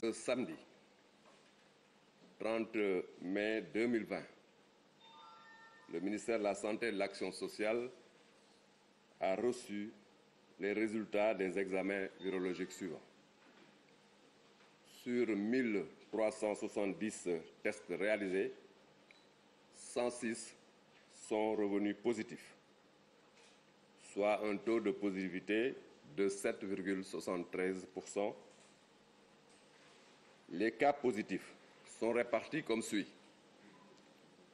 Ce samedi 30 mai 2020, le ministère de la Santé et de l'Action sociale a reçu les résultats des examens virologiques suivants. Sur 1370 tests réalisés, 106 sont revenus positifs soit un taux de positivité de 7,73%. Les cas positifs sont répartis comme suit.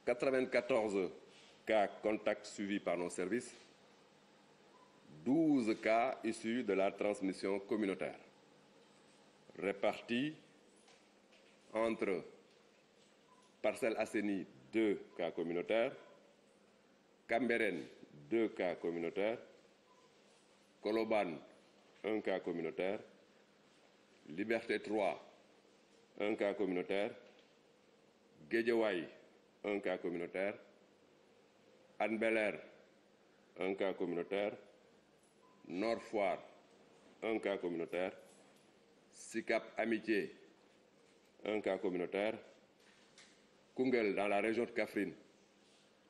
94 cas contacts suivis par nos services, 12 cas issus de la transmission communautaire, répartis entre Parcelle Asseni, 2 cas communautaires, Cambérène, 2 cas communautaires, Koloban, un cas communautaire. Liberté 3, un cas communautaire. Guédiawaye, un cas communautaire. Anne Belair, un cas communautaire. Norfoire, un cas communautaire. Sikap Amitié, un cas communautaire. Kungel, dans la région de Kafrine,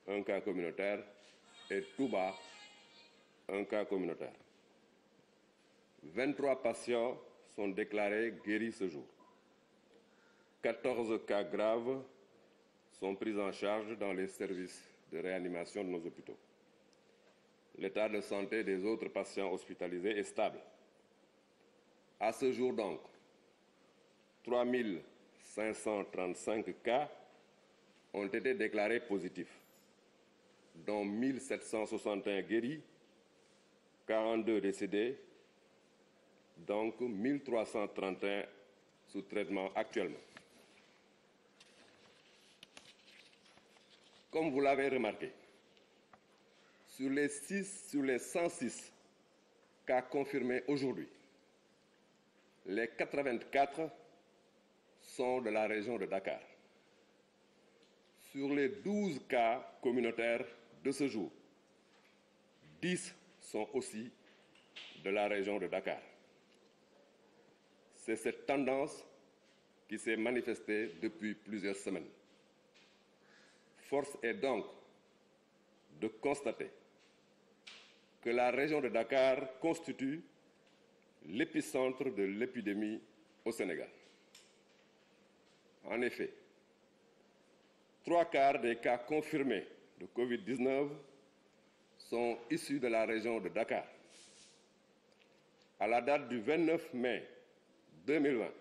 un cas communautaire. Et Touba, un cas communautaire. 23 patients sont déclarés guéris ce jour. 14 cas graves sont pris en charge dans les services de réanimation de nos hôpitaux. L'état de santé des autres patients hospitalisés est stable. À ce jour donc, 3 535 cas ont été déclarés positifs, dont 1761 guéris, 42 décédés donc 1331 sous traitement actuellement. Comme vous l'avez remarqué, sur les, sur les 106 cas confirmés aujourd'hui, les 84 sont de la région de Dakar. Sur les 12 cas communautaires de ce jour, 10 sont aussi de la région de Dakar. C'est cette tendance qui s'est manifestée depuis plusieurs semaines. Force est donc de constater que la région de Dakar constitue l'épicentre de l'épidémie au Sénégal. En effet, trois quarts des cas confirmés de COVID-19 sont issus de la région de Dakar. À la date du 29 mai 2020,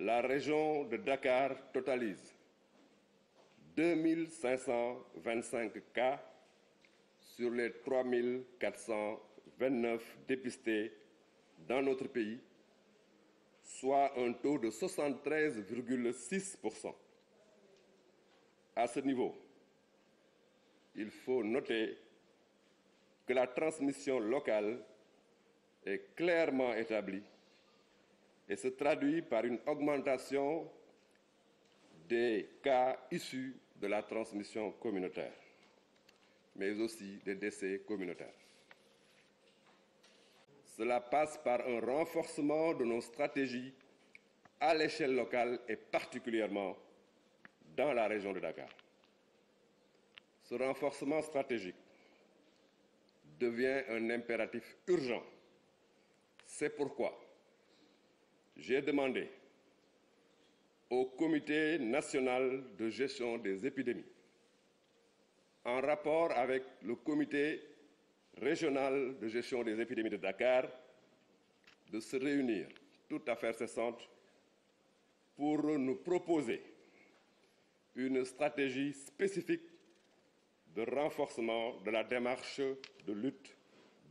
la région de Dakar totalise 2525 cas sur les 3429 dépistés dans notre pays, soit un taux de 73,6%. À ce niveau, il faut noter que la transmission locale est clairement établie et se traduit par une augmentation des cas issus de la transmission communautaire, mais aussi des décès communautaires. Cela passe par un renforcement de nos stratégies à l'échelle locale et particulièrement dans la région de Dakar. Ce renforcement stratégique devient un impératif urgent. C'est pourquoi j'ai demandé au Comité national de gestion des épidémies, en rapport avec le Comité régional de gestion des épidémies de Dakar, de se réunir, toute affaire cessante, pour nous proposer une stratégie spécifique de renforcement de la démarche de lutte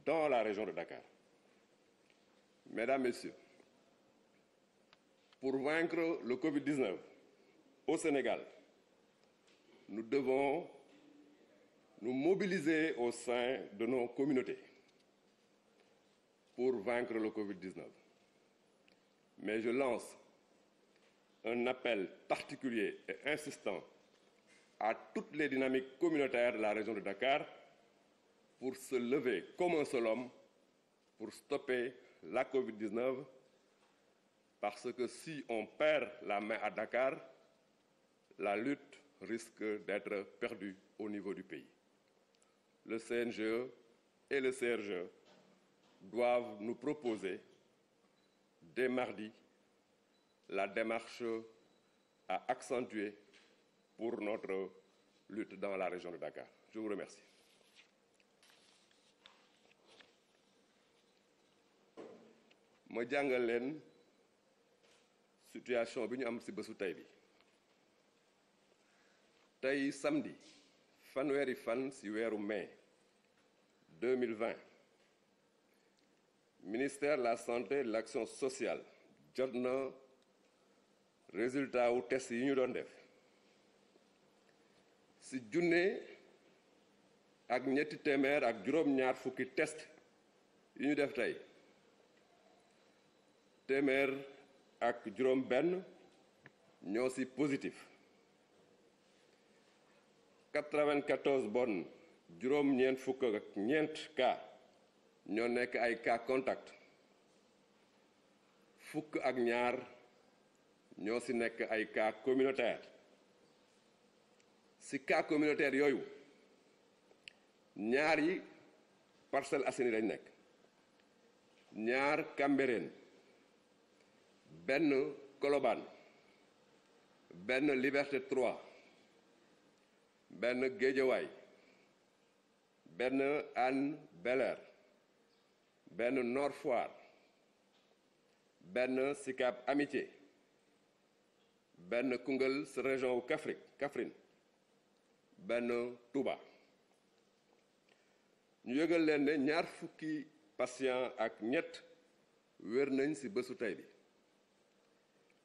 dans la région de Dakar. Mesdames, Messieurs, pour vaincre le Covid-19 au Sénégal, nous devons nous mobiliser au sein de nos communautés pour vaincre le Covid-19. Mais je lance un appel particulier et insistant à toutes les dynamiques communautaires de la région de Dakar pour se lever comme un seul homme pour stopper la COVID-19 parce que si on perd la main à Dakar, la lutte risque d'être perdue au niveau du pays. Le CNGE et le CRGE doivent nous proposer dès mardi la démarche à accentuer pour notre lutte dans la région de Dakar. Je vous remercie situation bi ñu am ci bésu tay bi tay samedi fanweeri fan ci weeru mai 2020 ministère de la santé et de l'action sociale jotna na résultat ou test yi ñu doon def ci jouné ak ñetti témèr ak juroom ñaar fukki test yi ñu def tay témèr ak juróom benn ñoo ci positif 94 bon juróom-ñeent fukk ak ñoo nekk ay cas fukk ak ñaar ñoo ci nekk ay cas communautaire ci cas communautaire yooyu ñaar yi Parcelles Assainies lañ nekk ñaar Cambérène ben Koloban, ben Liberté 3 ben Guédiawaye ben Anne Beller, ben Norfoire, ben sikap Amitié ben Kungel, sa région wu Kaffrine Touba Nous avons leen ne ñaar fukki patient ak ñett wér ci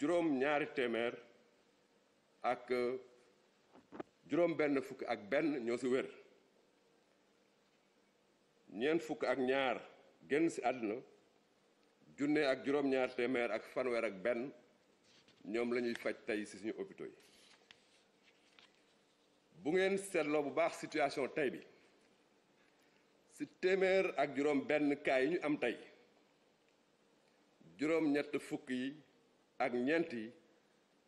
juróom ñaari téeméer ak euh, juróom benn fuk ak benn ñoo ci wër ñeent fuk ak ñaar génn ci aduna djunné ak juróom ñaar téeméer ak fanweer ak benn ñom lañuy ñuy faj tey ci suñu hôpitaux bu ngeen sétlo bu baax situation tay bi ci téeméer ak juróom benn kay ñu am tay juróom ñett fuk yi ak ñent yi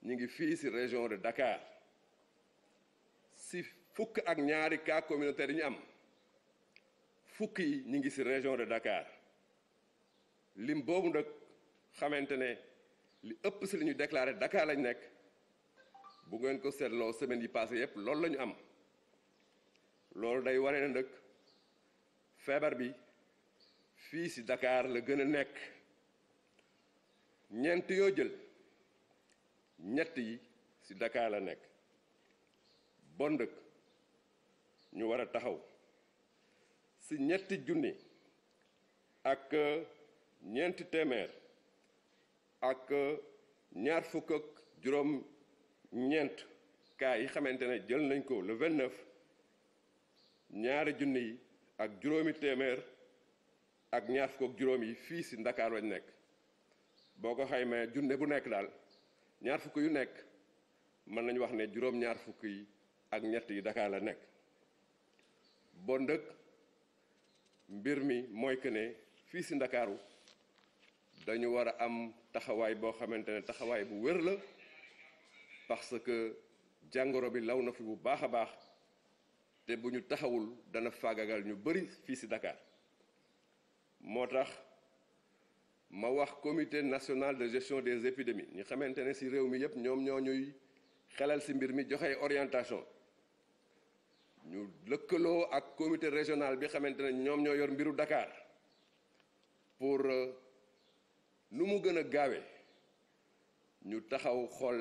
ñi ngi ci région de Dakar Si fukk ak ñaari cas communautaire yi ñu am fukk yi ñi ci région de Dakar lim boobu nag xamante li ëpp ci li ñu déclaré Dakar lañ nekk bu ngeen ko seetloo semaine yi passé yépp loolu lañu am loolu day waree ne nag bi fii ci Dakar la gën a nekk jël ñett yi ci Dakar la nekk bon dëkk ñu war a taxaw ci ñetti junni ak euh, ñeenti téeméer ak euh, ñaar fukk ak juróom ñeent kaay yi xamante ne jël nañ ko le ñaari junni yi ak juróomi téeméer ak ñaar fukk ak juróom yi fii ci ndakaar lañ nekk boo ko xaymaa junne bu nekk daal ñaar fukk yu nekk mën nañ wax ne juróom-ñaar fukk yi ak ñett yi Dakar la nekk bo ndëkk mbir mi mooy que ne fii si Ndakaaru dañu war a am taxawaay boo xamante ne taxawaay bu wér la parce que jàngoro bi law na fi bu baax a baax te bu ñu taxawul dana faagagal ñu bëri fii si Dakar moo tax ma wax comité national de gestion des épidémies ñu xamantene ci réew mi yépp ñoom ñoo ñuy xelal ci mbir mi joxe orientation ñu lëkkaloo ak comité régional bi xamantene ne ñoom ñoo yor mbiru Dakar pour euh, nu mu gën a gaawe ñu taxaw xol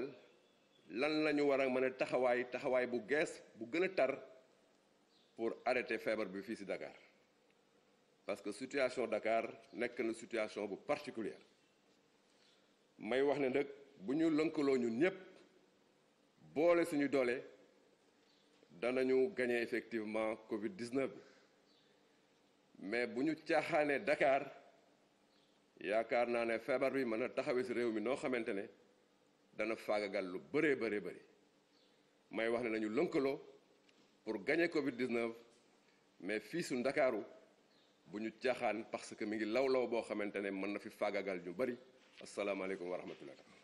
lan lañu ñu war a mën a taxawaay taxawaay bu gees bu gën a tar pour arrêter feebar bi fii ci Dakar parce que la situation Dakar n'est na situation bu particulière may wax ne nag bu ñu lënkaloo ñun ñëpp boole suñu doole danañu gagné effectivement Covid 19 Mais mais nous ñu caaxaanee Dakar yaakaar naa ne feebar bi mën a taxawee si réew mi noo xamante ne dana faagagal lu bëree bëree bëri may wax ne nañu lënkaloo pour gagné Covid 19 mais fii su Ndakaaru. buñu tiaxaan parce que mi ngi law law boo xamante ne mën na fi faagagal ñu bari asalaamaaleykum wa rahmatullah